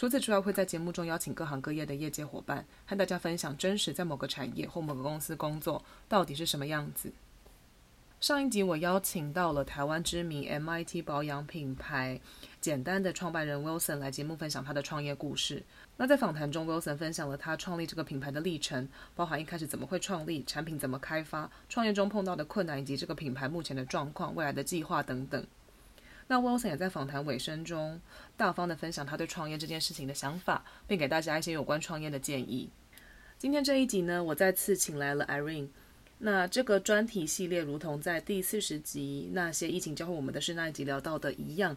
除此之外，會在節目中邀請各行各業的業界伙伴，和大家分享真實在某個產業或某個公司工作到底是什麼樣子。上一集我邀請到了台灣知名 MIT 保養品牌簡單的創辦人 Wilson 來節目分享他的創業故事。那在訪談中，Wilson 分享了他創立這個品牌的歷程，包含一開始怎麼會創立、產品怎麼開發、創業中碰到的困難，以及這個品牌目前的狀況、未來的計劃等等。那 Wilson 也在訪談尾聲中大方的分享他對創業這件事情的想法，並給大家一些有關創業的建議。今天這一集呢，我再次請來了 Irene。那這個專題系列，如同在第四十集那些疫情教會我們的事那一集聊到的一樣，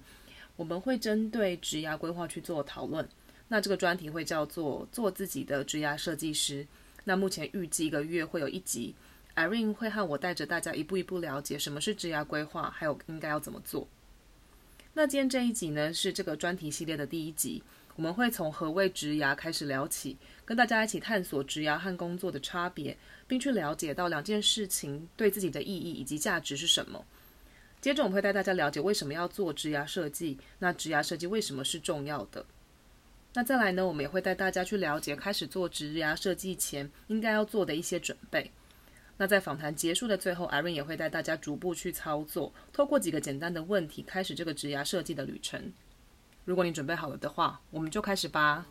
我們會針對職涯規劃去做討論。那這個專題會叫做“做自己的職涯設計師”。那目前預計一個月會有一集，Irene 會和我帶着大家一步一步了解什麼是職涯規劃，還有應該要怎麼做。那今天這一集呢，是這個專題系列的第一集。我們會從何謂職涯開始聊起，跟大家一起探索職涯和工作的差別，並去了解到兩件事情對自己的意義以及價值是什麼。接着，我們會帶大家了解為什麼要做職涯設計，那職涯設計為什麼是重要的？那再來呢，我們也會帶大家去了解，開始做職涯設計前應該要做的一些準備。那在訪談結束的最後艾瑞 r n 也會帶大家逐步去操作，透過幾個簡單的問題，開始這個植牙設計的旅程。如果你準備好了的話，我們就開始吧。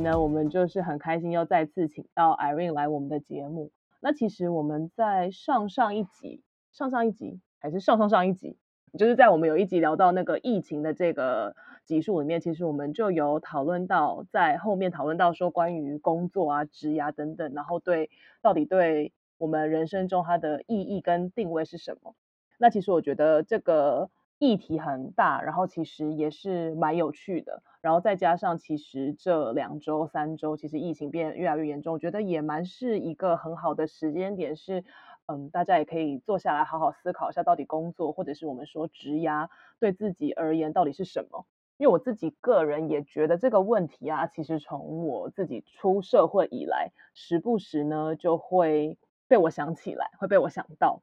那我們就是很開心又再次請到 Irene 來我們的節目。那其實我們在上上一集，上上一集還是上上上一集，就是在我們有一集聊到那個疫情的這個集數裡面，其實我們就有討論到，在後面討論到說，關於工作啊、職涯等等，然後對到底對我們人生中它的意義跟定位是什麼？那其實我覺得這個議題很大，然後其實也是蠻有趣的。然後再加上，其實這兩周、三周，其實疫情變越來越嚴重，我覺得也蠻是一個很好的時間點，是，嗯，大家也可以坐下來好好思考一下，到底工作或者是我們說職涯對自己而言到底是什麼？因為我自己個人也覺得這個問題啊，其實從我自己出社會以來，時不時呢就會被我想起來，會被我想到。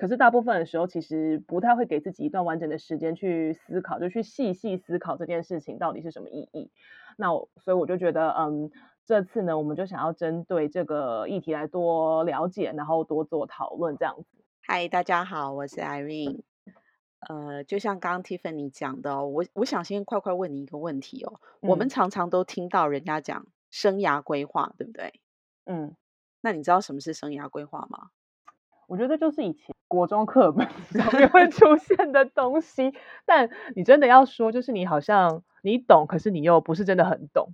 可是大部分的時候，其實不太會給自己一段完整的時間去思考，就去細細思考這件事情到底是什麼意義。那我所以我就覺得，嗯，這次呢，我們就想要針對這個議題來多了解，然後多做討論，這樣子。嗨，大家好，我是 Irene。呃，就像剛剛 Tiffany 你講的哦，我我想先快快問你一個問題哦。嗯。我們常常都聽到人家講生涯規劃，對不對？嗯。那你知道什麼是生涯規劃嗎？我覺得就是以前。國中課本上面會出現的東西， 但你真的要說，就是你好像你懂，可是你又不是真的很懂。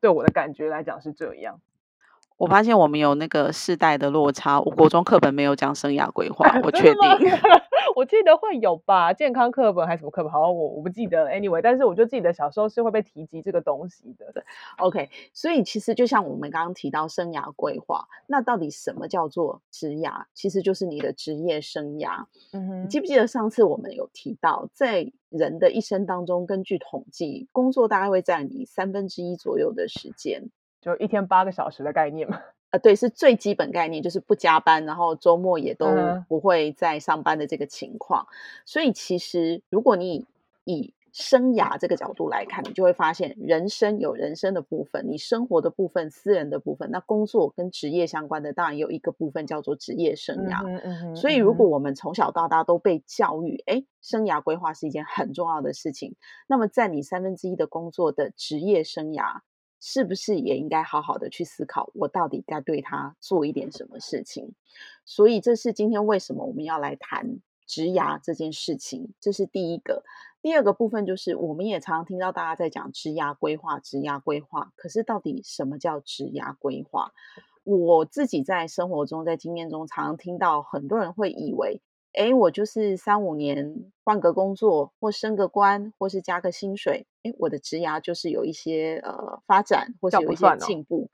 對我的感覺來講是這樣。我發現我們有那個世代的落差，我國中課本沒有講生涯規劃， 我確定。 我記得會有吧，健康課本還是什麼課本？好像我我不記得。Anyway，但是我覺得自己的小時候是會被提及這個東西的。OK，所以其實就像我們剛剛提到生涯規劃，那到底什麼叫做職涯？其實就是你的職業生涯。嗯哼，記不記得上次我們有提到，在人的一生當中，根據統計，工作大概會占你三分之一左右的時間，就一天八個小時的概念嘛。呃，對，是最基本概念，就是不加班，然後週末也都不會再上班的這個情況。所以其實，如果你以，以生涯這個角度來看，你就會發現，人生有人生的部分，你生活的部分，私人的部分，那工作跟職業相關的，當然有一個部分叫做職業生涯。嗯嗯嗯。所以，如果我們從小到大都被教育，誒，生涯規劃是一件很重要的事情，那麼占你三分之一的工作的職業生涯。是不是也應該好好的去思考，我到底該對他做一點什麼事情？所以這是今天為什麼我們要來談職涯這件事情。這是第一個，第二個部分就是，我們也常常聽到大家在講職涯規劃、職涯規劃，可是到底什麼叫職涯規劃？我自己在生活中、在經驗中，常常聽到很多人會以為，誒我就是三五年換個工作，或升個官，或是加個薪水。誒我的職涯就是有一些呃發展，或是有一些進步、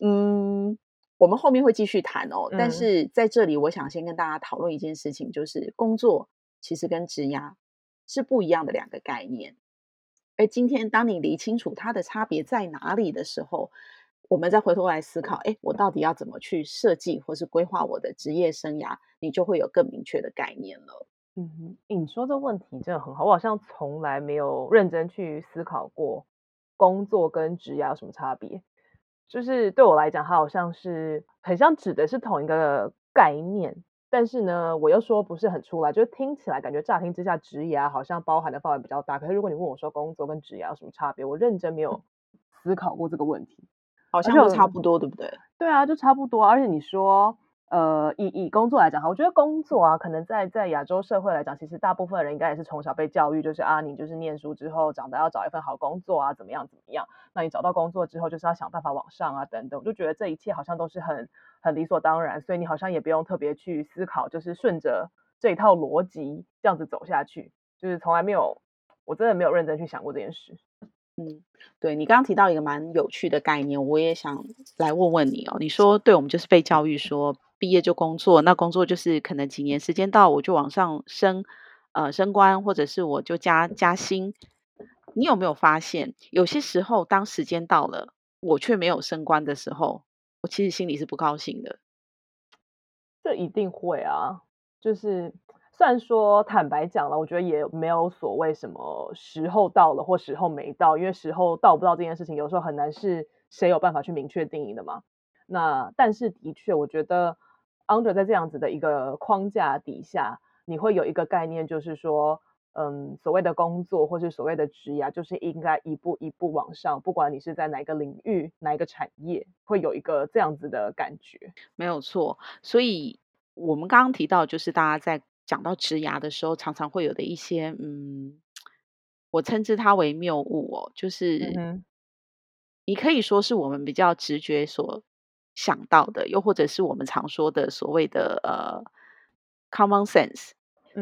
哦。嗯，我們後面會繼續談哦。嗯、但是在這裡，我想先跟大家討論一件事情，就是工作其實跟職涯是不一樣的兩個概念。而今天，當你理清楚它的差別在哪裡的時候，我們再回頭來思考，哎，我到底要怎麼去設計或是規劃我的職業生涯？你就會有更明確的概念了。嗯哼、欸，你說這問題真的很好，我好像從來沒有認真去思考過工作跟職涯有什麼差別。就是對我來講，它好像是很像指的是同一個概念，但是呢，我又說不是很出來，就是聽起來感覺乍聽之下，職涯好像包含的範圍比較大。可是如果你問我說工作跟職涯有什麼差別，我認真沒有思考過這個問題。好像就差不多、嗯，對不對？對啊，就差不多、啊。而且你說，呃，以以工作來講，哈，我覺得工作啊，可能在在亞洲社會來講，其實大部分的人應該也是從小被教育，就是啊，你就是念書之後，長大要找一份好工作啊，怎麼樣怎麼樣。那你找到工作之後，就是要想辦法往上啊，等等。我就覺得這一切好像都是很很理所當然，所以你好像也不用特別去思考，就是順着這一套邏輯這樣子走下去，就是從來沒有，我真的沒有認真去想過這件事。嗯，對，你剛剛提到一個蠻有趣的概念，我也想來問問你哦。你說，對，我們就是被教育說畢業就工作，那工作就是可能幾年時間到我就往上升，呃，升官或者是我就加加薪。你有沒有發現，有些時候當時間到了，我卻沒有升官的時候，我其實心裡是不高興的？這一定會啊，就是。雖然說坦白講了，我覺得也沒有所謂什麼時候到了或時候沒到，因為時候到不到這件事情，有時候很難是誰有辦法去明確定義的嘛。那但是的確，我覺得 under 在這樣子的一個框架底下，你會有一個概念，就是說，嗯，所謂的工作或是所謂的職業，就是應該一步一步往上，不管你是在哪個領域、哪一個產業，會有一個這樣子的感覺。沒有錯，所以我們剛剛提到，就是大家在講到職涯的時候，常常會有的一些，嗯，我稱之它為謬誤哦，就是你可以說是我們比較直覺所想到的，又或者是我們常說的所謂的呃，common sense。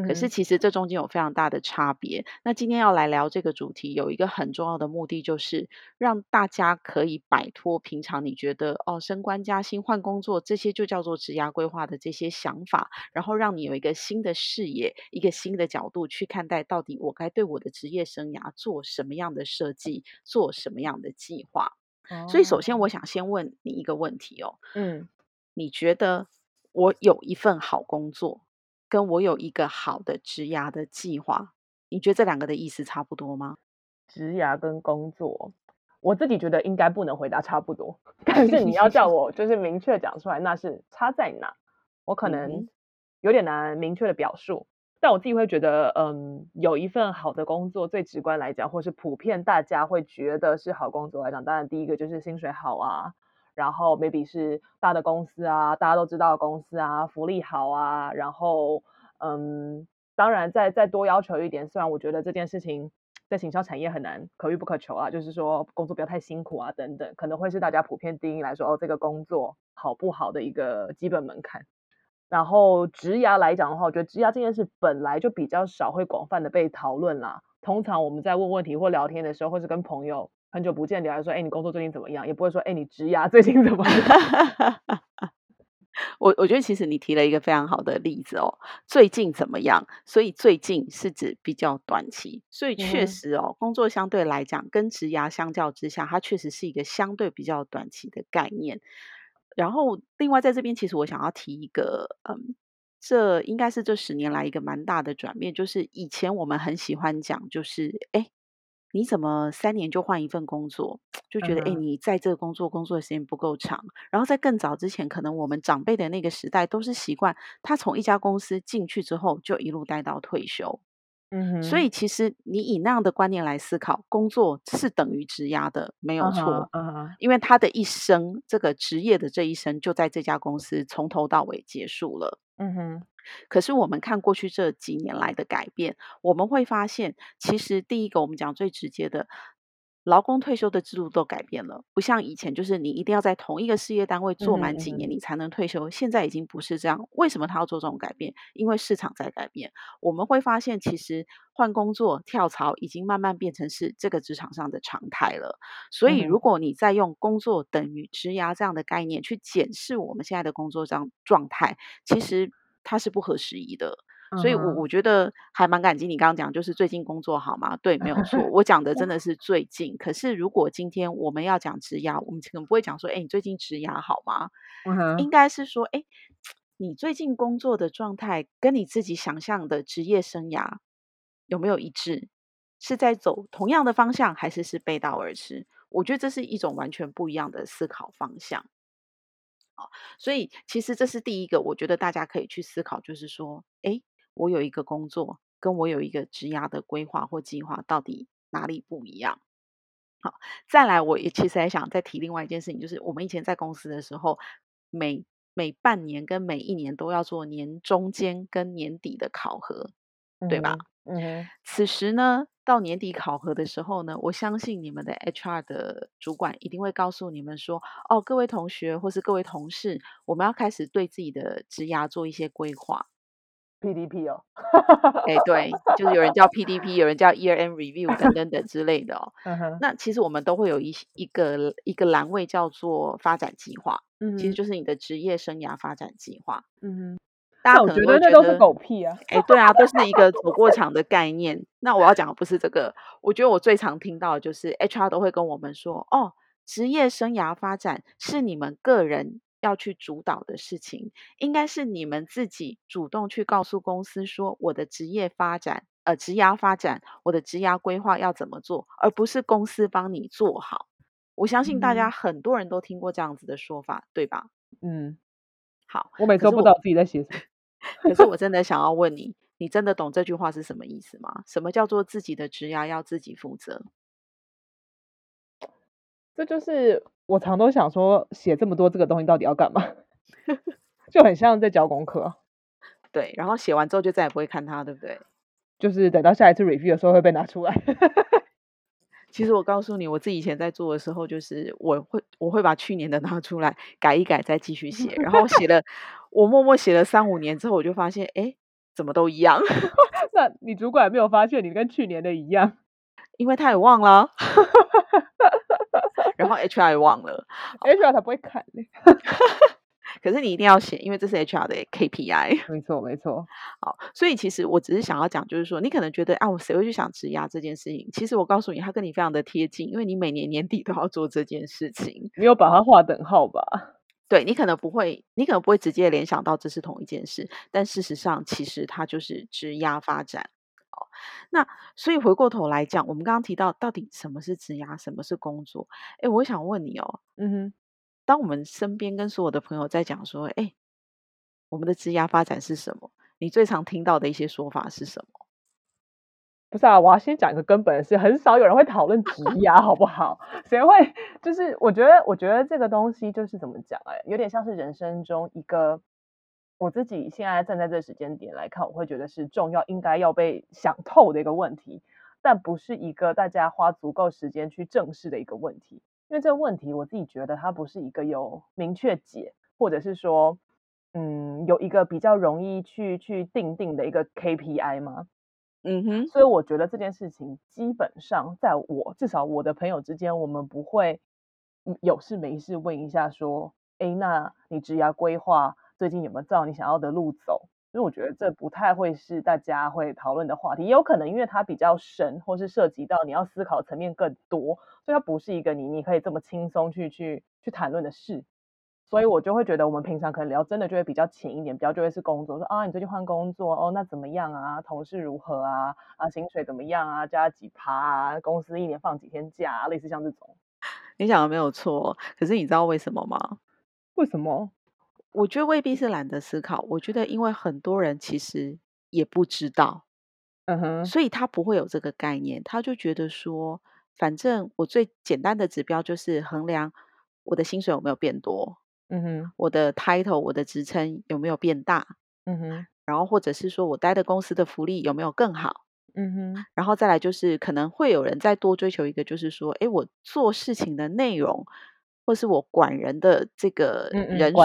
可是其實這中間有非常大的差別，嗯。那今天要來聊這個主題，有一個很重要的目的，就是讓大家可以擺脫平常你覺得哦，升官加薪、換工作這些就叫做職涯規劃的這些想法，然後讓你有一個新的視野、一個新的角度去看待，到底我該對我的職業生涯做什麼樣的設計，做什麼樣的計劃。哦，所以，首先我想先問你一個問題哦，嗯，你覺得我有一份好工作，跟我有一個好的職涯的計劃，你覺得這兩個的意思差不多嗎？職涯跟工作，我自己覺得應該不能回答差不多，但 是你要叫我就是明確講出來，那是差在哪？我可能有點難明確的表述、嗯。但我自己會覺得，嗯，有一份好的工作，最直觀來講，或是普遍大家會覺得是好工作來講，當然第一個就是薪水好啊。然後 maybe 是大的公司啊，大家都知道的公司啊，福利好啊，然後嗯，當然再再多要求一點，雖然我覺得這件事情在行銷產業很難可遇不可求啊，就是說工作不要太辛苦啊，等等，可能會是大家普遍定義來說，哦，這個工作好不好的一個基本門檻。然後職涯來講的話，我覺得職涯這件事本來就比較少會廣泛的被討論啦。通常我們在問問題或聊天的時候，或是跟朋友。很久不見了，聊來說，欸、你工作最近怎麼樣？也不會說，欸、你職涯最近怎麼樣？ 我我覺得其實你提了一個非常好的例子哦。最近怎麼樣？所以最近是指比較短期，所以確實哦，嗯、工作相對來講，跟職涯相較之下，它確實是一個相對比較短期的概念。然後，另外在這邊，其實我想要提一個，嗯，這應該是這十年來一個蠻大的轉變，就是以前我們很喜歡講，就是哎。欸你怎麼三年就換一份工作？就覺得哎、uh -huh.，你在這個工作工作的時間不夠長。然後在更早之前，可能我們長輩的那個時代都是習慣，他從一家公司進去之後就一路待到退休。嗯、uh -huh.，所以其實你以那樣的觀念來思考，工作是等於職涯的，沒有錯。嗯、uh -huh.，uh -huh. 因為他的一生這個職業的這一生就在這家公司從頭到尾結束了。嗯哼，可是我們看過去這幾年來的改變，我們會發現，其實第一個我們講最直接的。勞工退休的制度都改變了，不像以前，就是你一定要在同一個事業單位做滿幾年，你才能退休，嗯。現在已經不是這樣。為什麼他要做這種改變？因為市場在改變。我們會發現，其實換工作、跳槽已經慢慢變成是這個職場上的常態了。所以，如果你再用“工作等於職涯”這樣的概念去檢視我們現在的工作這樣狀態，其實它是不合時宜的。所以我，我我覺得還蠻感激你剛剛講，就是最近工作好嗎？對，沒有錯，我講的真的是最近。 可是，如果今天我們要講職涯，我們可能不會講說，誒、欸、你最近職涯好嗎？ 應該是說，誒、欸、你最近工作的狀態跟你自己想象的職業生涯有沒有一致？是在走同樣的方向，還是是背道而馳？我覺得這是一種完全不一樣的思考方向。好，所以其實這是第一個，我覺得大家可以去思考，就是說，誒、欸我有一個工作，跟我有一個職涯的規劃或計劃，到底哪裡不一樣？好，再來，我也其實還想再提另外一件事情，就是我們以前在公司的時候，每每半年跟每一年都要做年中間跟年底的考核，對吧？嗯、mm-hmm。此時呢，到年底考核的時候呢，我相信你們的 HR 的主管一定會告訴你們說：“哦，各位同學或是各位同事，我們要開始對自己的職涯做一些規劃。” PDP 哦，哎、 欸、對，就是有人叫 PDP，有人叫 year-end review 等，等等等之類的哦、 嗯哼。那其實我們都會有一一個一個欄位叫做發展計劃，嗯，其實就是你的職業生涯發展計劃，嗯哼。大家可能會覺得，覺得這都是狗屁啊，哎、欸，對啊，都是一個走過場的概念。 那我要講的不是這個，我覺得我最常聽到的就是 HR 都會跟我們說，哦，職業生涯發展是你們個人。要去主導的事情，應該是你們自己主動去告訴公司說：“我的職業發展，呃，職涯發展，我的職涯規劃要怎麼做，而不是公司幫你做好。”我相信大家很多人都聽過這樣子的說法，嗯、對吧？嗯，好，我每次都不知道自己在寫。可是， 可是我真的想要問你，你真的懂這句話是什麼意思嗎？什麼叫做自己的職涯要自己負責？這就是。我常都想說，寫這麼多這個東西到底要幹嘛？就很像在交功課。 對，然後寫完之後就再也不會看它，對不對？就是等到下一次 review 的時候會被拿出來。 其實我告訴你，我自己以前在做的時候，就是我會我會把去年的拿出來改一改，再繼續寫。然後寫了， 我默默寫了三五年之後，我就發現，哎，怎麼都一樣？ 那你主管沒有發現你跟去年的一樣？因為他也忘了。 然後 H R 也忘了，H R 他不會看的， 可是你一定要寫，因為這是 H R 的 K P I。沒錯，沒錯。好，所以其實我只是想要講，就是說你可能覺得，啊，我誰會去想職涯這件事情？其實我告訴你，他跟你非常的貼近，因為你每年年底都要做這件事情，沒有把它劃等號吧？對，你可能不會，你可能不會直接聯想到這是同一件事，但事實上，其實它就是職涯發展。那所以回過頭來講，我們剛剛提到到底什麼是職涯，什麼是工作？誒，我想問你哦，嗯哼，當我們身邊跟所有的朋友在講說，誒，我們的職涯發展是什麼？你最常聽到的一些說法是什麼？不是啊，我要先講一個根本是很少有人會討論職涯 好不好？誰會？就是我覺得，我覺得這個東西就是怎麼講、欸？誒，有點像是人生中一個。我自己現在站在這時間點來看，我會覺得是重要，應該要被想透的一個問題，但不是一個大家花足夠時間去正視的一個問題，因為這個問題我自己覺得它不是一個有明確解，或者是說，嗯，有一個比較容易去去定定的一個 KPI 嗎？嗯哼，所以我覺得這件事情基本上在我至少我的朋友之間，我們不會有事沒事問一下說，哎，那你職涯規劃？最近有沒有照你想要的路走？因為我覺得這不太會是大家會討論的話題，也有可能因為它比較深，或是涉及到你要思考層面更多，所以它不是一個你你可以這麼輕鬆去去去談論的事。所以我就會覺得我們平常可能聊真的就會比較淺一點，比較就會是工作，說啊你最近換工作哦，那怎麼樣啊？同事如何啊？啊，薪水怎麼樣啊？加幾趴啊？公司一年放幾天假啊，類似像這種。你想的沒有錯，可是你知道為什麼嗎？為什麼？我覺得未必是懶得思考，我覺得因為很多人其實也不知道，嗯哼，所以他不會有這個概念，他就覺得說，反正我最簡單的指標就是衡量我的薪水有沒有變多，嗯哼，我的 title 我的職稱有沒有變大，嗯哼，然後或者是說我待的公司的福利有沒有更好，嗯哼，然後再來就是可能會有人再多追求一個，就是說，誒我做事情的內容。或是我管人的這個人數、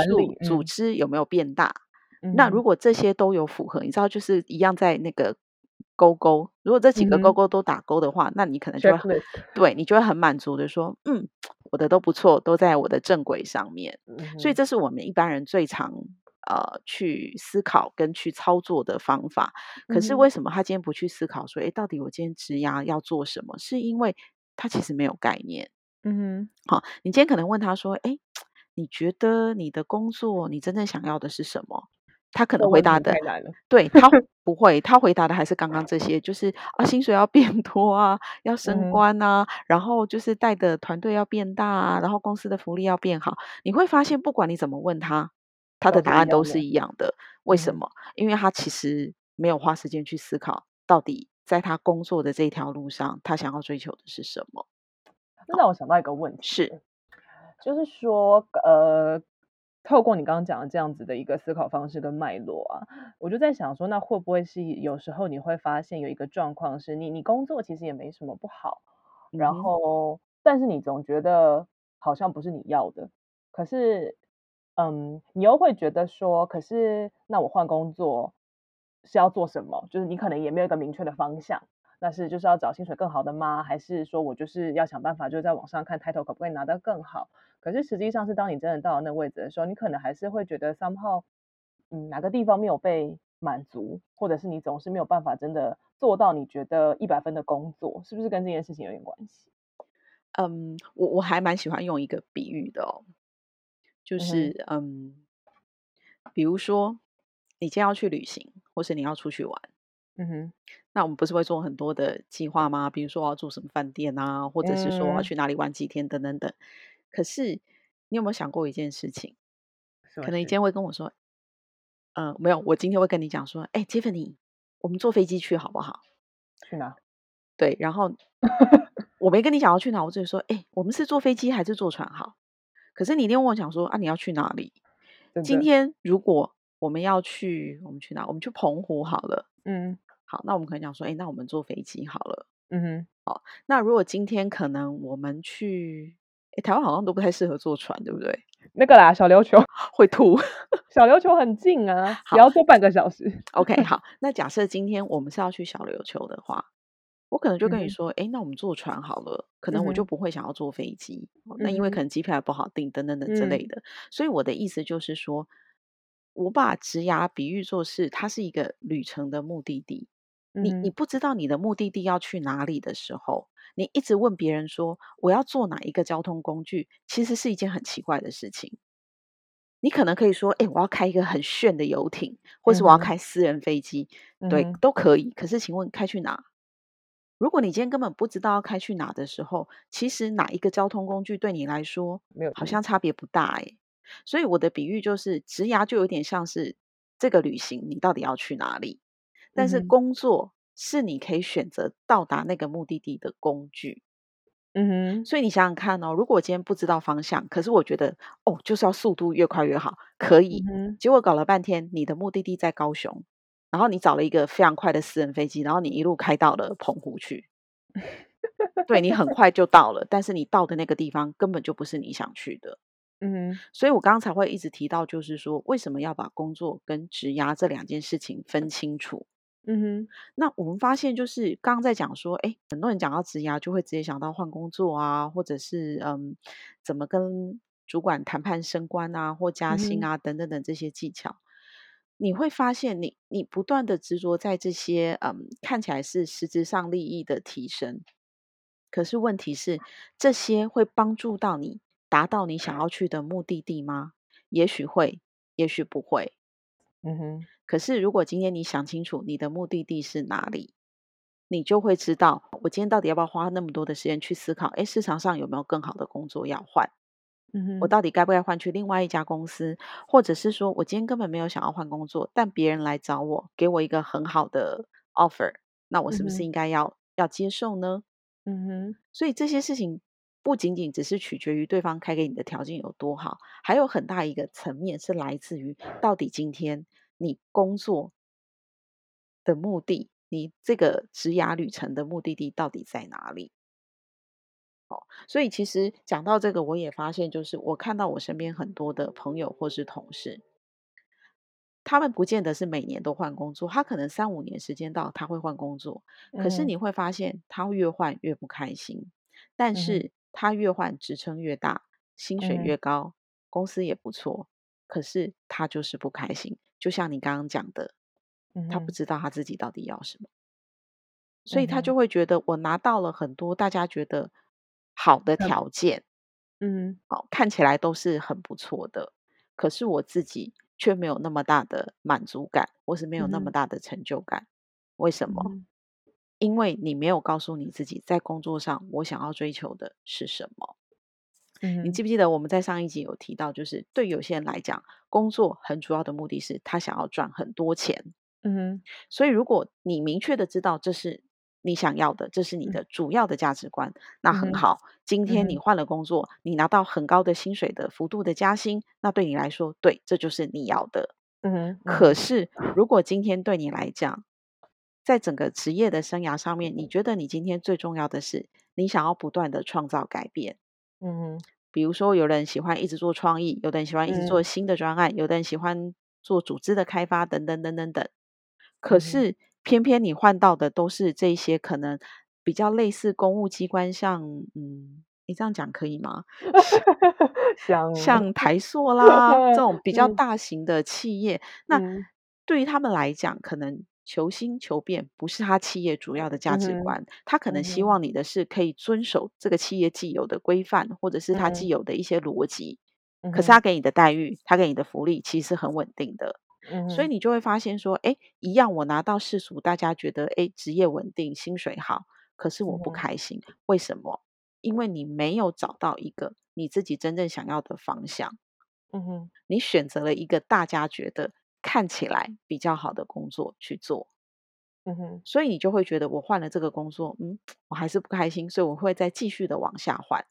組織有沒有變大嗯嗯、嗯？那如果這些都有符合，你知道，就是一樣在那個勾勾。如果這幾個勾勾都打勾的話，嗯嗯，那你可能就會對你就會很滿足的說：“嗯，我的都不錯，都在我的正軌上面。”所以這是我們一般人最常呃去思考跟去操作的方法。可是為什麼他今天不去思考說：“誒，到底我今天職涯要做什麼？”是因為他其實沒有概念。嗯哼，好，你今天可能問他說：“哎，你覺得你的工作，你真正想要的是什麼？”他可能回答的，了 對，他不會，他回答的還是剛剛這些，就是啊，薪水要變多啊，要升官啊，嗯、然後就是帶的團隊要變大啊，啊、嗯，然後公司的福利要變好。你會發現，不管你怎麼問他，他的答案都是一樣的。嗯、為什麼？因為他其實沒有花時間去思考，到底在他工作的這條路上，他想要追求的是什麼。這讓我想到一個問題，是就是說，呃，透過你剛剛講的這樣子的一個思考方式跟脈絡啊，我就在想說，那會不會是有時候你會發現有一個狀況，是你你工作其實也沒什麼不好，然後、嗯、但是你總覺得好像不是你要的，可是嗯，你又會覺得說，可是那我換工作是要做什麼？就是你可能也沒有一個明確的方向。那是就是要找薪水更好的嗎？還是說我就是要想辦法，就在網上看 title 可不可以拿到更好？可是實際上是，當你真的到了那位置的時候，你可能還是會覺得 somehow，嗯，哪個地方沒有被滿足，或者是你總是沒有辦法真的做到你覺得一百分的工作，是不是跟這件事情有點關係？嗯，我我還蠻喜歡用一個比喻的哦，就是嗯，嗯，比如說你今天要去旅行，或是你要出去玩。嗯哼，那我們不是會做很多的計劃嗎？比如說我要住什麼飯店啊，或者是說我要去哪裡玩幾天等等等。Mm -hmm. 可是你有沒有想過一件事情？可能你今天會跟我說，嗯、呃，沒有，我今天會跟你講說，誒 t i f f a n y 我們坐飛機去好不好？去哪？對，然後 我沒跟你講要去哪，我只是說，誒、欸、我們是坐飛機還是坐船好？可是你一定跟我講說，啊，你要去哪裡？今天如果我們要去，我們去哪？我們去澎湖好了。嗯、mm -hmm.。好，那我們可能講說，哎、欸，那我們坐飛機好了。嗯哼，好。那如果今天可能我們去、欸、台灣，好像都不太適合坐船，對不對？那個啦，小琉球會吐。小琉球很近啊，也要坐半個小時。OK，好。那假設今天我們是要去小琉球的話，我可能就跟你說，哎、嗯欸，那我們坐船好了。可能我就不會想要坐飛機、嗯嗯，那因為可能機票也不好訂，等等等之類的、嗯。所以我的意思就是說，我把職涯比喻做是它是一個旅程的目的地。你你不知道你的目的地要去哪裡的時候，你一直問別人說，我要坐哪一個交通工具，其實是一件很奇怪的事情。你可能可以說，哎、欸，我要開一個很炫的遊艇，或是我要開私人飛機、嗯，對，都可以。可是，請問開去哪、嗯？如果你今天根本不知道要開去哪的時候，其實哪一個交通工具對你來說好像差別不大誒、欸。所以我的比喻就是，職涯就有點像是這個旅行，你到底要去哪裡？但是工作是你可以選擇到達那個目的地的工具，嗯、mm -hmm.，所以你想想看哦，如果我今天不知道方向，可是我覺得哦，就是要速度越快越好，可以，mm -hmm. 結果搞了半天，你的目的地在高雄，然後你找了一個非常快的私人飛機，然後你一路開到了澎湖去， 對你很快就到了，但是你到的那個地方根本就不是你想去的，嗯、mm -hmm.，所以我剛才會一直提到，就是說為什麼要把工作跟職涯這兩件事情分清楚。嗯哼，那我們發現就是剛剛在講說，誒，很多人講到職涯，就會直接想到換工作啊，或者是嗯，怎麼跟主管談判升官啊，或加薪啊等等等這些技巧。嗯、你會發現你，你你不斷的執着在這些嗯，看起來是實質上利益的提升，可是問題是，這些會幫助到你達到你想要去的目的地嗎？也許會，也許不會。嗯哼。可是，如果今天你想清楚你的目的地是哪裡，你就會知道我今天到底要不要花那麼多的時間去思考：誒，市場上有沒有更好的工作要換？嗯哼，我到底該不該換去另外一家公司？或者是說我今天根本沒有想要換工作，但別人來找我，給我一個很好的 offer，那我是不是應該要、嗯、要接受呢？嗯哼，所以這些事情不僅僅只是取決於對方開給你的條件有多好，還有很大一個層面是來自於到底今天。你工作的目的，你這個職涯旅程的目的地到底在哪裡？哦，所以其實講到這個，我也發現，就是我看到我身邊很多的朋友或是同事，他們不見得是每年都換工作，他可能三五年時間到他會換工作，可是你會發現他越換越不開心，但是他越換職稱越大，薪水越高，公司也不錯，可是他就是不開心。就像你剛剛講的，他不知道他自己到底要什麼。嗯，所以他就會覺得我拿到了很多大家覺得好的條件，嗯，哦，看起來都是很不錯的，可是我自己卻沒有那麼大的滿足感，或是沒有那麼大的成就感。嗯，為什麼？因為你沒有告訴你自己，在工作上我想要追求的是什麼。你記不記得我們在上一集有提到，就是對有些人來講，工作很主要的目的是他想要賺很多錢。嗯，所以如果你明確的知道這是你想要的，這是你的主要的價值觀，那很好。今天你換了工作，你拿到很高的薪水的幅度的加薪，那對你來說，對，這就是你要的。嗯，可是如果今天對你來講，在整個職業的生涯上面，你覺得你今天最重要的是，你想要不斷的創造改變。嗯，比如說有人喜歡一直做創意，有的人喜歡一直做新的專案，嗯、有的人喜歡做組織的開發等、等等等等等。可是偏偏你換到的都是這些可能比較類似公務機關，像嗯，你這樣講可以嗎？ 像像台碩啦 這種比較大型的企業，嗯，那對於他們來講，可能。求新求變不是他企業主要的價值觀、嗯，他可能希望你的是可以遵守這個企業既有的規範，或者是他既有的一些邏輯、嗯。可是他給你的待遇，他給你的福利其實很穩定的、嗯。所以你就會發現說，哎、欸，一樣我拿到世俗大家覺得，哎、欸，職業穩定，薪水好，可是我不開心、嗯，為什麼？因為你沒有找到一個你自己真正想要的方向。嗯哼，你選擇了一個大家覺得。看起來比較好的工作去做，嗯哼，所以你就會覺得我換了這個工作，嗯，我還是不開心，所以我會再繼續的往下換，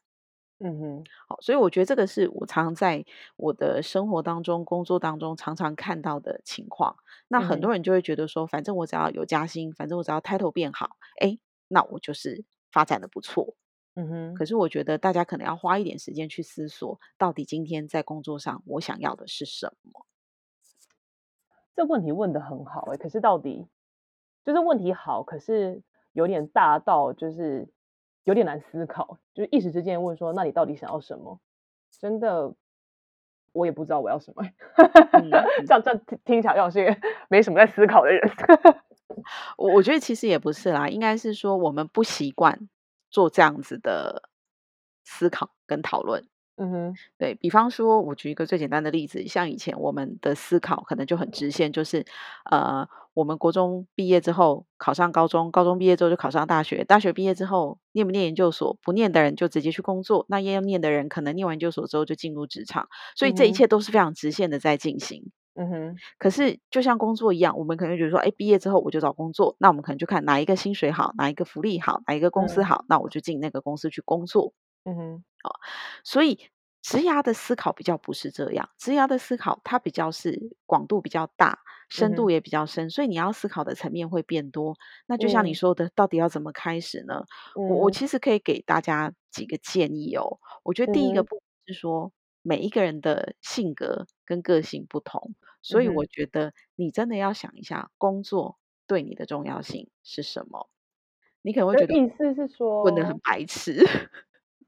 嗯哼，好，所以我覺得這個是我常常在我的生活當中、工作當中常常看到的情況。那很多人就會覺得說、嗯，反正我只要有加薪，反正我只要 title 變好，哎、欸，那我就是發展的不錯，嗯哼。可是我覺得大家可能要花一點時間去思索，到底今天在工作上我想要的是什麼。這問題問得很好，欸，可是到底就是問題好，可是有點大到就是有點難思考，就一時之間問說，那你到底想要什麼？真的，我也不知道我要什麼，欸，這樣這樣聽起來像是沒什麼在思考的人。 我我覺得其實也不是啦，應該是說我們不習慣做這樣子的思考跟討論。嗯哼，對，比方說，我舉一個最簡單的例子，像以前我們的思考可能就很直線，就是，呃，我們國中畢業之後考上高中，高中畢業之後就考上大學，大學畢業之後念不念研究所，不念的人就直接去工作，那要念的人可能念完研究所之後就進入職場，嗯、所以這一切都是非常直線的在進行。嗯哼，可是就像工作一樣，我們可能覺得說，哎，畢業之後我就找工作，那我們可能就看哪一個薪水好，哪一個福利好，哪一個公司好，嗯、那我就進那個公司去工作。嗯哼，哦、所以職涯的思考比較不是這樣，職涯的思考它比較是廣度比較大，深度也比較深，嗯、所以你要思考的層面會變多。那就像你說的，嗯、到底要怎麼開始呢？嗯、我我其實可以給大家幾個建議哦。我覺得第一個部分是說，每一個人的性格跟個性不同，所以我覺得你真的要想一下，工作對你的重要性是什麼。你可能會覺得意思是說問得很白痴。嗯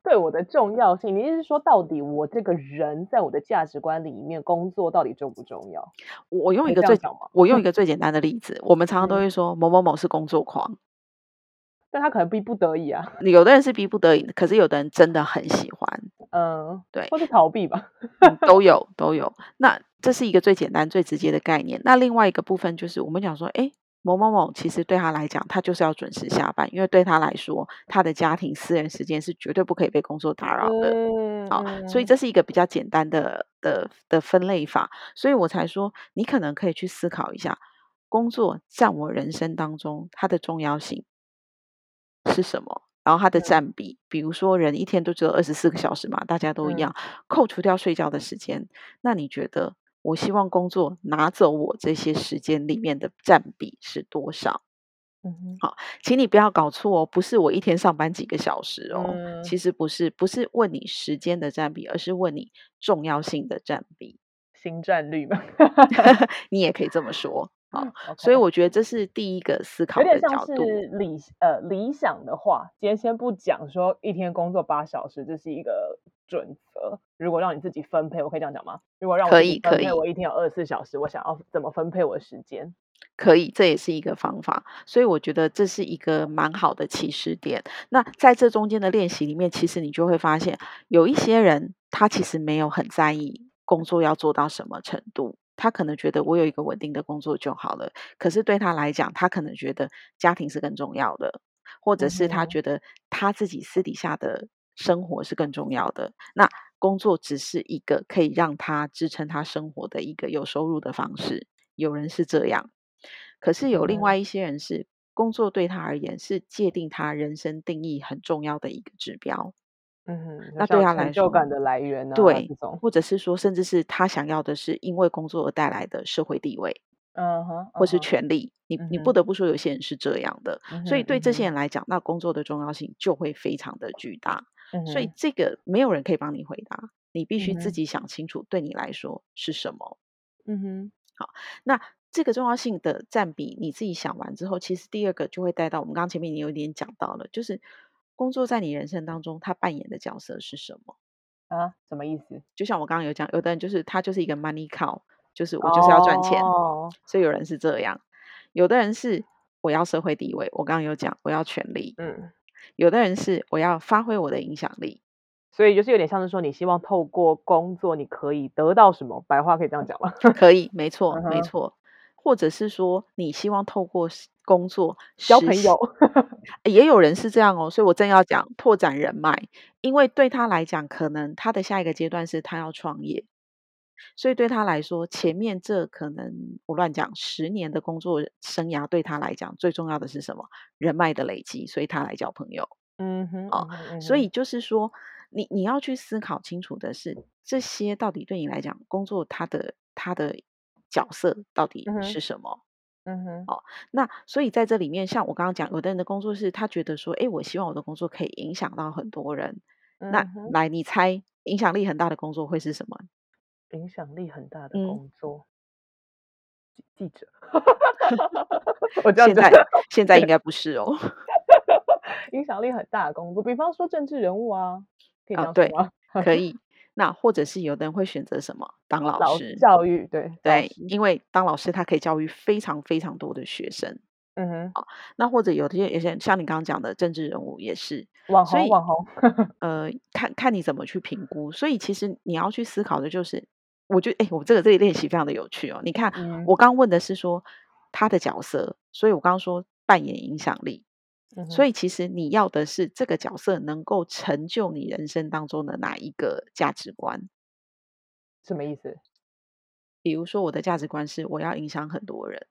對我的重要性，你意思是說，到底我這個人在我的價值觀裡面，工作到底重不重要？我用一個最我用一個最簡單的例子，我們常常都會說某某某是工作狂，嗯，但他可能逼不得已啊。有的人是逼不得已，可是有的人真的很喜歡。嗯，對，或是逃避吧， 都有都有。那這是一個最簡單、最直接的概念。那另外一個部分就是，我們講說，誒。某某某其實對他來講，他就是要準時下班，因為對他來說，他的家庭私人時間是絕對不可以被工作打擾的。好，哦，所以這是一個比較簡單的的的分類法，所以我才說，你可能可以去思考一下，工作在我人生當中，它的重要性是什麼？然後它的佔比，比如說人一天都只有二十四個小時嘛，大家都一樣，扣除掉睡覺的時間，那你覺得？我希望工作拿走我這些時間裡面的占比是多少？嗯，好，請你不要搞錯哦，不是我一天上班幾個小時哦，嗯、其實不是，不是問你時間的占比，而是問你重要性的占比，心占率嘛， 你也可以這麼說。好、嗯 okay，所以我覺得這是第一個思考的，的角度。是理呃理想的話，今天先不講說一天工作八小時，這是一個。準則，如果讓你自己分配，我可以這樣講嗎？如果讓我自己分配，可以，可以，我一天有二十四小時，我想要怎麼分配我的時間？可以，這也是一個方法。所以我覺得這是一個蠻好的起始點。那在這中間的練習裡面，其實你就會發現，有一些人他其實沒有很在意工作要做到什麼程度，他可能覺得我有一個穩定的工作就好了。可是對他來講，他可能覺得家庭是更重要的，或者是他覺得他自己私底下的。生活是更重要的，那工作只是一個可以讓他支撐他生活的一個有收入的方式。有人是這樣，可是有另外一些人是、嗯、工作對他而言是界定他人生定義很重要的一個指標。嗯哼，那對他來說，成就感的來源呢、啊？對，或者是說，甚至是他想要的是因為工作而帶來的社會地位。嗯哼，或是權力，你你不得不說有些人是這樣的，uh -huh. 所以對這些人來講，uh -huh. 那工作的重要性就會非常的巨大。Uh -huh. 所以這個沒有人可以幫你回答，你必須自己想清楚，對你來說是什麼。嗯哼，好，那這個重要性的占比，你自己想完之後，其實第二個就會帶到我們剛前面已經有一點講到了，就是工作在你人生當中它扮演的角色是什麼啊？Uh -huh. 什麼意思？就像我剛剛有講，有的人就是他就是一個 money cow。就是我就是要賺錢，oh. 所以有人是這樣，有的人是我要社會地位，我剛剛有講我要權力，嗯，有的人是我要發揮我的影響力，所以就是有點像是說，你希望透過工作你可以得到什麼，白話可以這樣講嗎？可以，沒錯，uh -huh. 沒錯。或者是說你希望透過工作交朋友， 也有人是這樣哦，所以我正要講拓展人脈，因為對他來講，可能他的下一個階段是他要創業。所以對他來說，前面這可能我亂講，十年的工作生涯對他來講最重要的是什麼？人脈的累積。所以他來交朋友，嗯哼，哦，嗯、所以就是說，你你要去思考清楚的是，這些到底對你來講，工作他的他的角色到底是什麼？嗯、嗯哼，哦，那所以在這裡面，像我剛剛講，有的人的工作是他覺得說，哎，我希望我的工作可以影響到很多人。那、嗯、來，你猜影響力很大的工作會是什麼？影響力很大的工作，嗯、記者。我 講現在 現在應該不是哦。 影響力很大的工作，比方說政治人物啊，可啊對， 可以。那或者是有的人會選擇什麼當老師？老教育對對，因為當老師他可以教育非常非常多的學生。嗯哼，啊、那或者有些有些人像你剛剛講的政治人物也是網紅網紅。網紅 呃，看看你怎麼去評估。所以其實你要去思考的就是。我覺得，哎、欸，我這個這個練習非常的有趣哦。你看，嗯、我剛問的是說他的角色，所以我剛剛說扮演影響力、嗯。所以其實你要的是這個角色能夠成就你人生當中的哪一個價值觀？什麼意思？比如說，我的價值觀是我要影響很多人。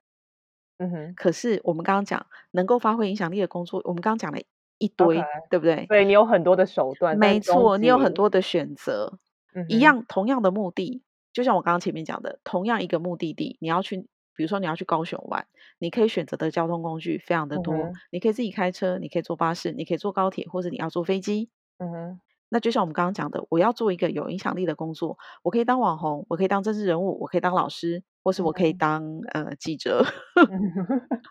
嗯哼。可是我們剛剛講能夠發揮影響力的工作，我們剛剛講了一堆，Okay. 對不對？對，你有很多的手段，沒錯，你有很多的選擇，嗯、一樣同樣的目的。就像我剛剛前面講的，同樣一個目的地，你要去，比如說你要去高雄玩，你可以選擇的交通工具非常的多，嗯，你可以自己開車，你可以坐巴士，你可以坐高鐵，或者你要坐飛機。嗯哼。那就像我們剛剛講的，我要做一個有影響力的工作，我可以當網紅，我可以當政治人物，我可以當老師，或是我可以當，嗯、呃記者。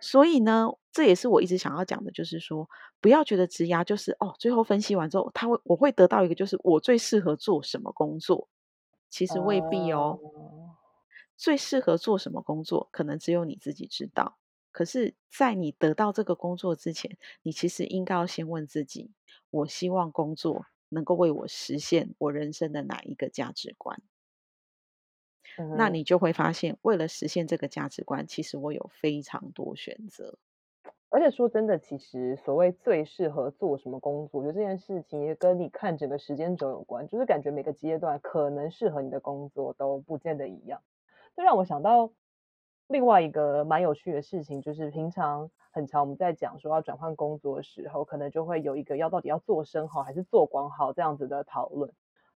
所以呢，這也是我一直想要講的，就是說，不要覺得職涯就是哦，最後分析完之後，他會我會得到一個就是我最適合做什麼工作。其實未必哦，哦，最適合做什麼工作，可能只有你自己知道。可是，在你得到這個工作之前，你其實應該要先問自己：我希望工作能夠為我實現我人生的哪一個價值觀？嗯、那你就會發現，為了實現這個價值觀，其實我有非常多選擇。而且說真的，其實所謂最適合做什麼工作，我覺得這件事情也跟你看整個時間軸有關。就是感覺每個階段可能適合你的工作都不見得一樣。這讓我想到另外一個蠻有趣的事情，就是平常很常我們在講說要轉換工作的時候，可能就會有一個要到底要做深好還是做廣好這樣子的討論。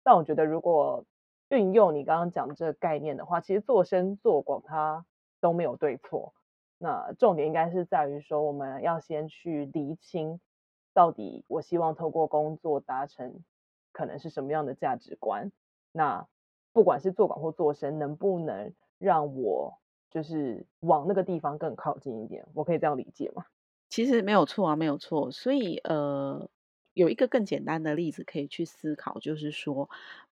但我覺得如果運用你剛剛講的這個概念的話，其實做深做廣它都沒有對錯。那重點應該是在於說，我們要先去釐清，到底我希望透過工作達成可能是什麼樣的價值觀。那不管是做廣或做深，能不能讓我就是往那個地方更靠近一點？我可以這樣理解嗎？其實沒有錯啊，沒有錯。所以呃，有一個更簡單的例子可以去思考，就是說，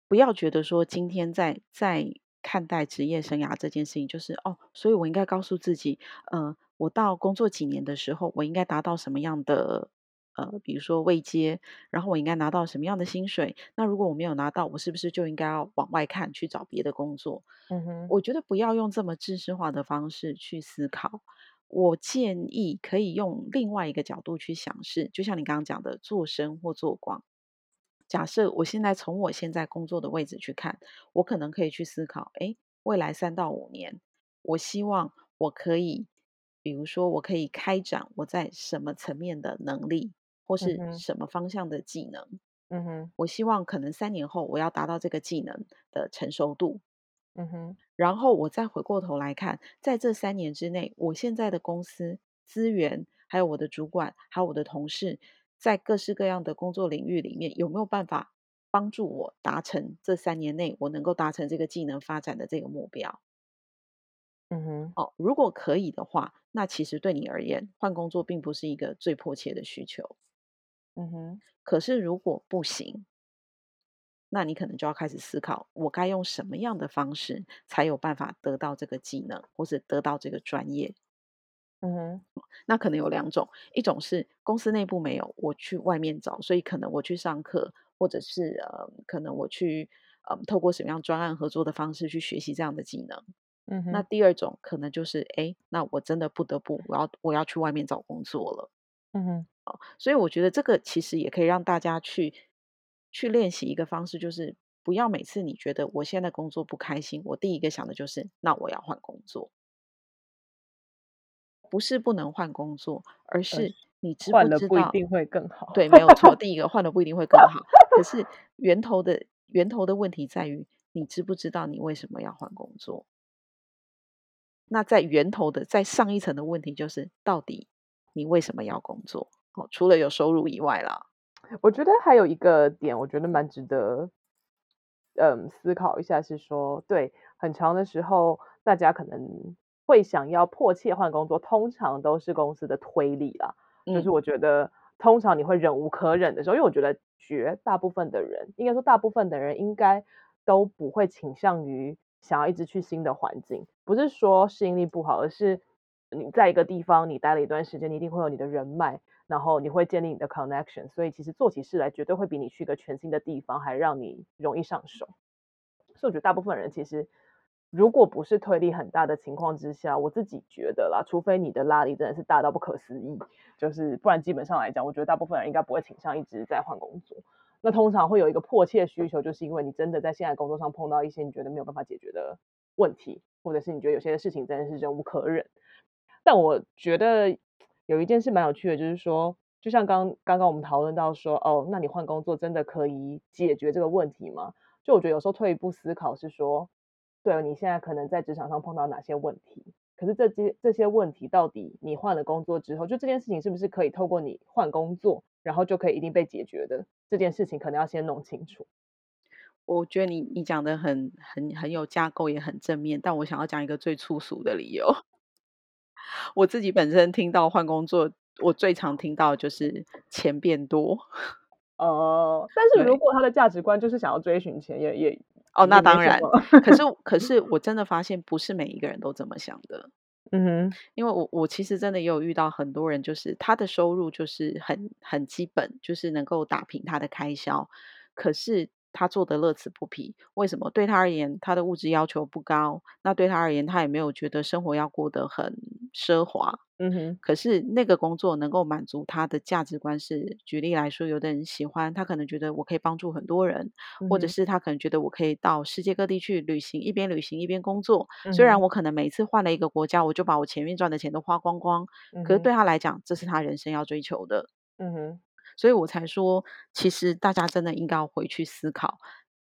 不要覺得說今天在在。看待職業生涯這件事情，就是哦，所以我應該告訴自己，呃，我到工作幾年的時候，我應該達到什麼樣的呃，比如說位階，然後我應該拿到什麼樣的薪水。那如果我沒有拿到，我是不是就應該要往外看去找別的工作？嗯哼，我覺得不要用這麼制式化的方式去思考。我建議可以用另外一個角度去想，是，就像你剛剛講的，做深或做廣。假設我現在從我現在工作的位置去看，我可能可以去思考，哎，未來三到五年，我希望我可以，比如說我可以開展我在什麼層面的能力，或是什麼方向的技能，嗯哼，我希望可能三年後我要達到這個技能的成熟度，嗯哼，然後我再回過頭來看，在這三年之內，我現在的公司資源，還有我的主管，還有我的同事。在各式各樣的工作領域裡面，有沒有辦法幫助我達成這三年內我能夠達成這個技能發展的這個目標？嗯哼，哦，如果可以的話，那其實對你而言換工作並不是一個最迫切的需求。嗯哼，可是如果不行，那你可能就要開始思考，我該用什麼樣的方式才有辦法得到這個技能，或是得到這個專業。嗯哼，那可能有兩種，一種是公司內部沒有，我去外面找，所以可能我去上課，或者是呃，可能我去呃透過什麼樣專案合作的方式去學習這樣的技能。嗯哼，那第二種可能就是，哎，那我真的不得不，我要我要去外面找工作了。嗯哼。哦，所以我覺得這個其實也可以讓大家去去練習一個方式，就是不要每次你覺得我現在工作不開心，我第一個想的就是，那我要換工作。不是不能換工作，而是你知不知道？換的不一定會更好。對，沒有錯。第一個換的不一定會更好， 可是源頭的源頭的問題在於你知不知道你為什麼要換工作？那在源頭的，在上一層的問題就是，到底你為什麼要工作？哦，除了有收入以外啦。我覺得還有一個點，我覺得蠻值得，嗯，思考一下是說，對，很長的時候，大家可能。會想要迫切換工作，通常都是公司的推力啦，嗯。就是我覺得，通常你會忍無可忍的時候，因為我覺得絕大部分的人，應該說大部分的人應該都不會傾向於想要一直去新的環境。不是說適應力不好，而是你在一個地方你待了一段時間，你一定會有你的人脈，然後你會建立你的 connection，所以其實做起事來絕對會比你去一個全新的地方還讓你容易上手。所以我覺得大部分的人其實。如果不是推力很大的情況之下，我自己覺得啦，除非你的拉力真的是大到不可思議，就是不然基本上來講，我覺得大部分人應該不會傾向一直在換工作。那通常會有一個迫切的需求，就是因為你真的在現在工作上碰到一些你覺得沒有辦法解決的問題，或者是你覺得有些事情真的是忍無可忍。但我覺得有一件事蠻有趣的，就是說，就像剛，剛剛剛我們討論到說，哦，那你換工作真的可以解決這個問題嗎？就我覺得有時候退一步思考是說。對，你現在可能在職場上碰到哪些問題？可是這些這些問題，到底你換了工作之後，就這件事情是不是可以透過你換工作，然後就可以一定被解決的？這件事情可能要先弄清楚。我覺得你你講的很很很有架構，也很正面。但我想要講一個最粗俗的理由。我自己本身聽到換工作，我最常聽到就是錢變多。哦、呃，但是如果他的價值觀就是想要追尋錢，也也。就是哦，那當然。 可是，可是我真的發現，不是每一個人都這麼想的。嗯哼，因為我我其實真的也有遇到很多人，就是他的收入就是很很基本，就是能夠打平他的開銷，可是。他做得樂此不疲，為什麼？對他而言，他的物質要求不高，那對他而言，他也沒有覺得生活要過得很奢華。嗯哼、可是那個工作能夠滿足他的價值觀是，是舉例來說，有的人喜歡，他可能覺得我可以幫助很多人，嗯哼，或者是他可能覺得我可以到世界各地去旅行，一邊旅行一邊工作，嗯哼。雖然我可能每次換了一個國家，我就把我前面賺的錢都花光光，可是對他來講，嗯哼、這是他人生要追求的。嗯哼。所以我才說，其實大家真的應該要回去思考，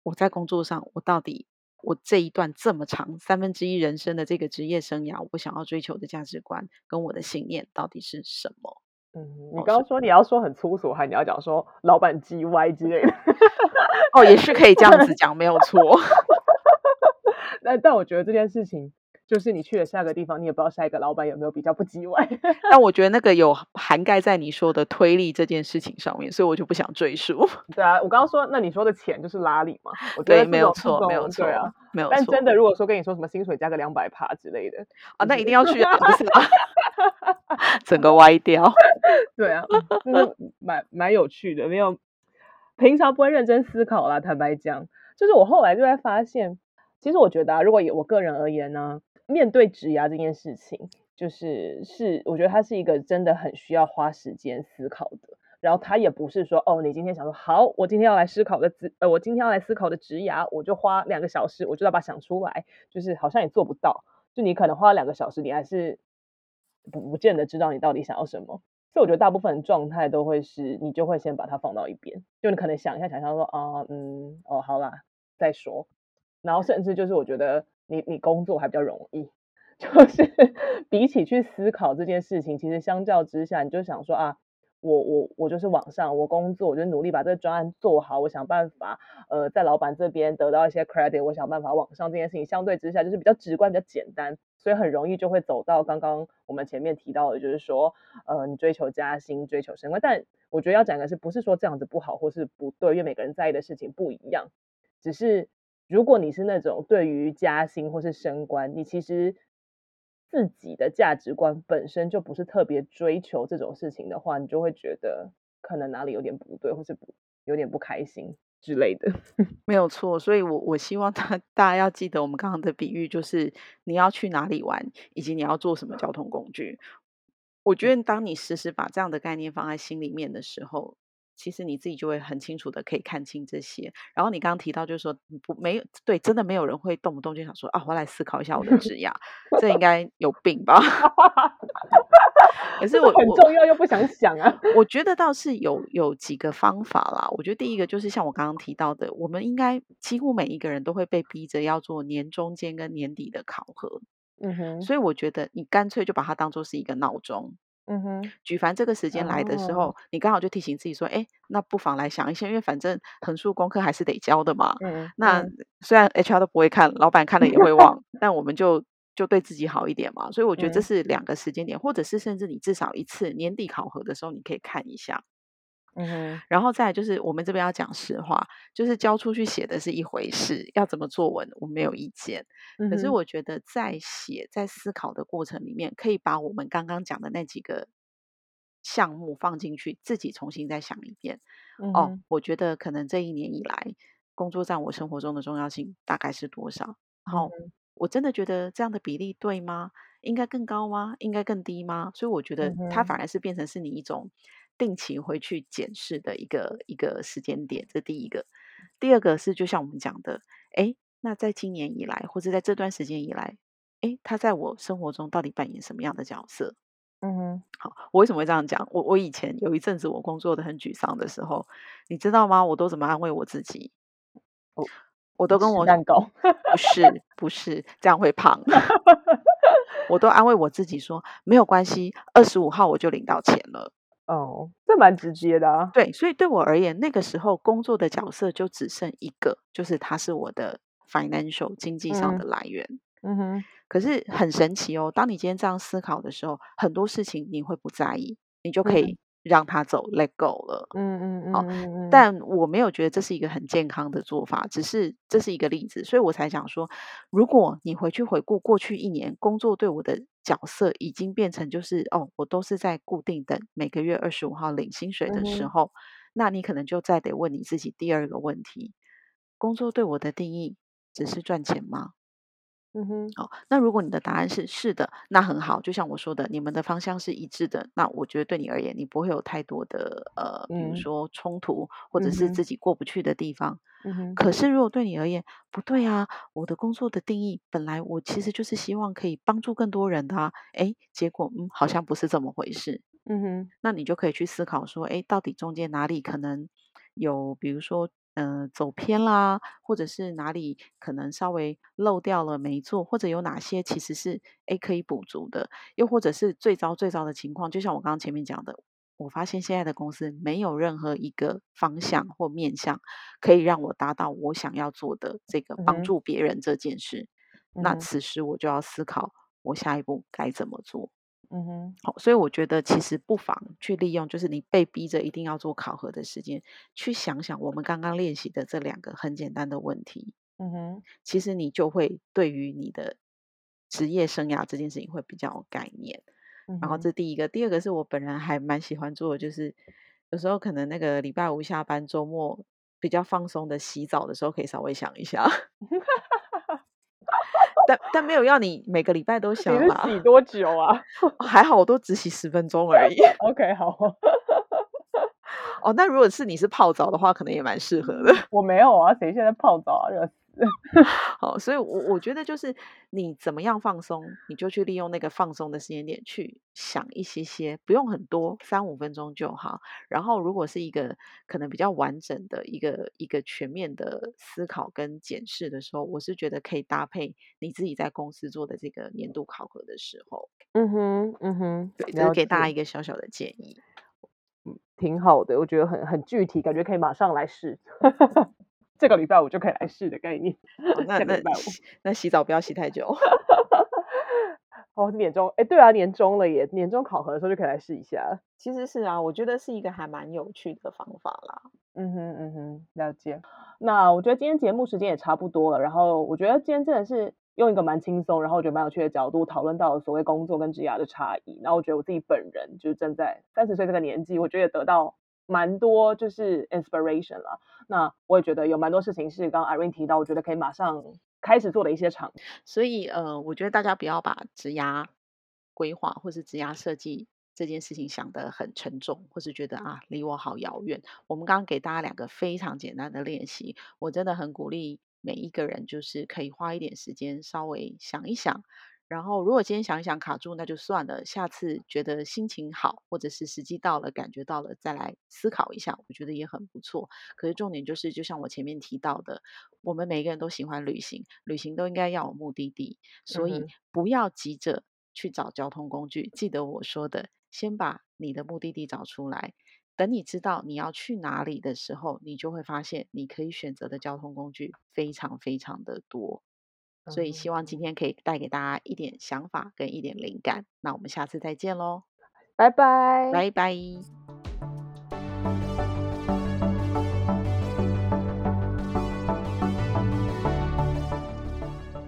我在工作上，我到底，我這一段這麼長三分之一人生的這個職業生涯，我想要追求的價值觀跟我的信念到底是什麼？嗯麼，你剛剛說你要說很粗俗，還你要講說老闆機歪之類的， 哦，也是可以這樣子講， 沒有錯。 但但我覺得這件事情。就是你去了下一個地方，你也不知道下一個老闆有沒有比較不嘰歪。 但我覺得那個有涵蓋在你說的推力這件事情上面，所以我就不想贅述。 對啊，我剛剛說，那你說的錢就是拉力嘛？對，沒有錯，沒有錯啊，沒有，但真的，如果說跟你說什麼薪水加個兩百趴之類的啊，那一定要去啊， 是嗎？整個歪掉。 對啊，那是、嗯、蠻蠻有趣的，沒有平常不會認真思考啦。坦白講，就是我後來就在發現，其實我覺得啊，如果以我個人而言呢、啊。面對職涯這件事情，就是是我覺得它是一個真的很需要花時間思考的。然後它也不是說哦，你今天想說好，我今天要來思考的職呃，我今天要來思考的職涯，我就花兩個小時，我就要把它想出來，就是好像也做不到。就你可能花了兩個小時，你還是不不見得知道你到底想要什麼。所以我覺得大部分狀態都會是，你就會先把它放到一邊，就你可能想一下，想一下說啊、哦、嗯哦好啦再說。然後甚至就是我覺得。你你工作還比較容易，就是比起去思考這件事情，其實相較之下，你就想說啊，我我我就是往上我工作，我就努力把這個專案做好，我想辦法呃在老闆這邊得到一些 credit，我想辦法往上這件事情相對之下就是比較直觀、比較簡單，所以很容易就會走到剛剛我們前面提到的，就是說呃你追求加薪、追求升官，但我覺得要講的是，不是說這樣子不好或是不對，因為每個人在意的事情不一樣，只是。如果你是那種對於加薪或是升官，你其實自己的價值觀本身就不是特別追求這種事情的話，你就會覺得可能哪裡有點不對，或是有點不開心之類的。沒有錯，所以我，我我希望大家大家要記得我們剛剛的比喻，就是你要去哪裡玩，以及你要坐什麼交通工具。我覺得，當你時時把這樣的概念放在心裡面的時候，其實你自己就會很清楚的可以看清這些。然後你剛剛提到就是說不沒有對，真的沒有人會動不動就想說啊，我來思考一下我的職涯 這應該有病吧？ 可是我很重要又不想想啊。 我, 我覺得倒是有有幾個方法啦。我覺得第一個就是像我剛剛提到的，我們應該幾乎每一個人都會被逼着要做年中間跟年底的考核。嗯哼，所以我覺得你乾脆就把它當做是一個鬧鐘。嗯哼，舉凡這個時間來的時候，嗯、你剛好就提醒自己說，誒、欸，那不妨來想一下，因為反正橫豎功課還是得交的嘛、嗯。那雖然 HR 都不會看，老板看了也會忘，嗯、但我們就就對自己好一點嘛。所以我覺得這是兩個時間點、嗯，或者是甚至你至少一次年底考核的時候，你可以看一下。嗯、然後再來就是，我們這邊要講實話，就是交出去寫的是一回事，要怎麼作文我沒有意見、嗯。可是我覺得在寫、在思考的過程裡面，可以把我們剛剛講的那幾個項目放進去，自己重新再想一遍。哦，嗯、我覺得可能這一年以來，工作在我生活中的重要性大概是多少？然、哦、後、嗯、我真的覺得這樣的比例對嗎？應該更高嗎？應該更低嗎？所以我覺得它反而是變成是你一種。定期回去檢視的一個一個時間點，這第一個。第二個是，就像我們講的，哎，那在今年以來，或者在這段時間以來，哎，他在我生活中到底扮演什麼樣的角色？嗯哼，好，我為什麼會這樣講？我我以前有一陣子我工作的很沮喪的時候，你知道嗎？我都怎麼安慰我自己？我我都跟我蛋糕，不是 不是，不是這樣會胖。 我都安慰我自己說，沒有關係，二十五號我就領到錢了。哦，這蠻直接的啊。對，所以對我而言，那個時候工作的角色就只剩一個，就是他是我的 financial 經濟上的來源。嗯哼。可是很神奇哦，當你今天這樣思考的時候，很多事情你會不在意，你就可以讓他走、mm-hmm. let go 了。嗯嗯嗯。但我沒有覺得這是一個很健康的做法，只是這是一個例子，所以我才想說，如果你回去回顧過去一年工作對我的。角色已經變成就是哦，我都是在固定等每個月二十五號領薪水的時候。嗯嗯，那你可能就再得問你自己第二個問題，工作對我的定義只是賺錢嗎？嗯哼，好，哦，那如果你的答案是是的，那很好，就像我說的，你們的方向是一致的，那我覺得對你而言，你不會有太多的呃，比如說衝突或者是自己過不去的地方。嗯哼，可是如果對你而言不對啊，我的工作的定義本來我其實就是希望可以幫助更多人的啊，欸，結果嗯好像不是這麼回事。嗯哼，那你就可以去思考說，誒，欸，到底中間哪裡可能有比如說。呃，走偏啦，或者是哪裡可能稍微漏掉了沒做，或者有哪些其實是 A、欸，可以補足的，又或者是最糟最糟的情況，就像我剛剛前面講的，我發現現在的公司沒有任何一個方向或面向可以讓我達到我想要做的這個幫助別人這件事，嗯。那此時我就要思考我下一步該怎麼做。嗯哼，好，所以我覺得其實不妨去利用，就是你被逼着一定要做考核的時間，去想想我們剛剛練習的這兩個很簡單的問題。嗯哼，其實你就會對於你的職業生涯這件事情會比較有概念。嗯、然後這第一個，第二個是我本人還蠻喜歡做的，就是有時候可能那個禮拜五下班，周末比較放鬆的洗澡的時候，可以稍微想一下。 但但沒有要你每個禮拜都洗嘛、啊？你是洗多久啊？還好我都只洗十分鐘而已。 OK，好。 哦，那如果是你是泡澡的話，可能也蠻適合的。我沒有啊，誰現在泡澡啊？ 好，所以我，我我覺得就是你怎麼樣放鬆，你就去利用那個放鬆的時間點去想一些些，不用很多，三五分鐘就好。然後，如果是一個可能比較完整的一個一個全面的思考跟檢視的時候，我是覺得可以搭配你自己在公司做的這個年度考核的時候。嗯哼，嗯哼，然後給大家一個小小的建議，挺好的，我覺得很很具體，感覺可以馬上來試。 這個禮拜五就可以來試的概念，哦。那 那，那洗澡不要洗太久。 哦，是年終哎，對啊，年終了耶，年終考核的時候就可以來試一下。其實是啊，我覺得是一個還蠻有趣的方法啦。嗯哼嗯哼，了解。那我覺得今天節目時間也差不多了，然後我覺得今天真的是用一個蠻輕鬆，然後我覺得蠻有趣的角度討論到了所謂工作跟職業的差異。然後我覺得我自己本人就是正在三十歲這個年紀，我覺得也得到。蠻多就是 inspiration 了，那我也覺得有蠻多事情是剛剛 Irene 提到，我覺得可以馬上開始做的一些場。所以，呃，我覺得大家不要把職涯規劃或是職涯設計這件事情想得很沉重，或是覺得、嗯、啊離我好遙遠。我們剛剛給大家兩個非常簡單的練習，我真的很鼓勵每一個人，就是可以花一點時間稍微想一想。然後，如果今天想一想卡住，那就算了。下次覺得心情好，或者是時機到了，感覺到了，再來思考一下，我覺得也很不錯。可是重點就是，就像我前面提到的，我們每個人都喜歡旅行，旅行都應該要有目的地，所以不要急着去找交通工具，嗯嗯。記得我說的，先把你的目的地找出來。等你知道你要去哪裡的時候，你就會發現你可以選擇的交通工具非常非常的多。所以希望今天可以帶給大家一點想法跟一點靈感。那我們下次再見嘍，拜拜，拜拜。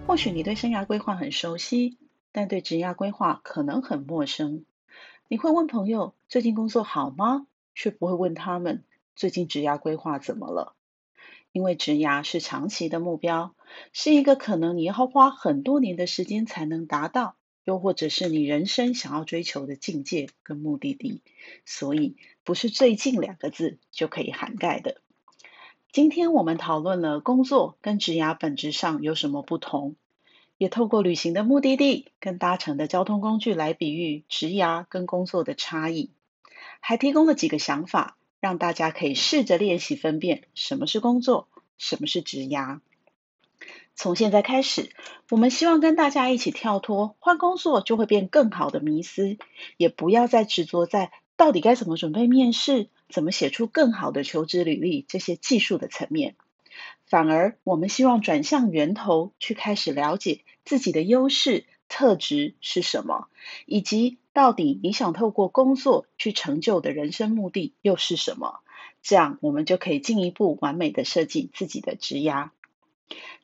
或許你對生涯規劃很熟悉，但對職涯規劃可能很陌生。你會問朋友最近工作好嗎？卻不會問他們最近職涯規劃怎麼了？因為職涯是長期的目標。是一個可能你要花很多年的時間才能達到，又或者是你人生想要追求的境界跟目的地，所以不是最近兩個字就可以涵蓋的。今天我們討論了工作跟職涯本質上有什麼不同，也透過旅行的目的地跟搭乘的交通工具來比喻職涯跟工作的差異，還提供了幾個想法，讓大家可以試着練習分辨什麼是工作，什麼是職涯。從現在開始，我們希望跟大家一起跳脫“換工作就會變更好的”迷思，也不要再執着在到底該怎麼準備面試、怎麼寫出更好的求職履歷這些技術的層面，反而我們希望轉向源頭去開始了解自己的優勢特質是什麼，以及到底你想透過工作去成就的人生目的又是什麼。這樣我們就可以進一步完美地設計自己的職涯。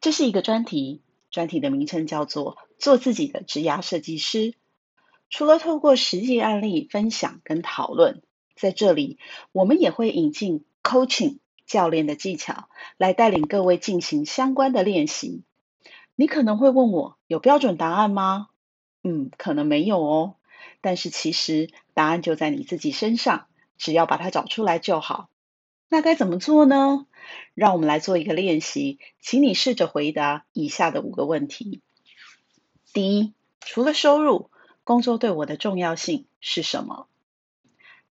這是一個專題，專題的名稱叫做“做自己的職涯設計師”。除了透過實際案例分享跟討論，在這裡我們也會引進 coaching 教練的技巧，來帶領各位進行相關的練習。你可能會問我，有標準答案嗎？嗯，可能沒有哦。但是其實答案就在你自己身上，只要把它找出來就好。那該怎麼做呢？讓我們來做一個練習，請你試着回答以下的五個問題。第一，除了收入，工作對我的重要性是什麼？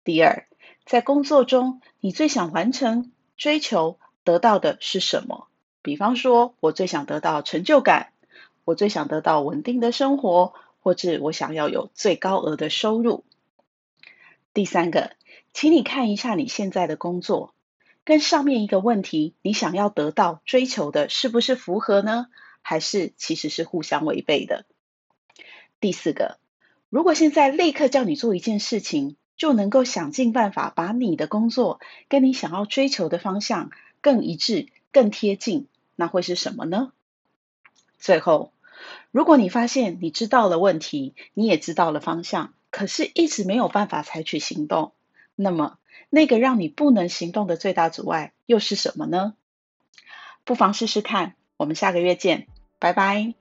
第二，在工作中，你最想完成、追求、得到的是什麼？比方說，我最想得到成就感，我最想得到穩定的生活，或者我想要有最高額的收入。第三個，請你看一下你現在的工作。跟上面一個問題，你想要得到追求的是不是符合呢？還是其實是互相違背的？第四個，如果現在立刻叫你做一件事情，就能夠想盡辦法把你的工作跟你想要追求的方向更一致、更貼近，那會是什麼呢？最後，如果你發現你知道了問題，你也知道了方向，可是一直沒有辦法採取行動，那麼，那個讓你不能行動的最大阻礙又是什麼呢？不妨試試看，我們下個月見，拜拜。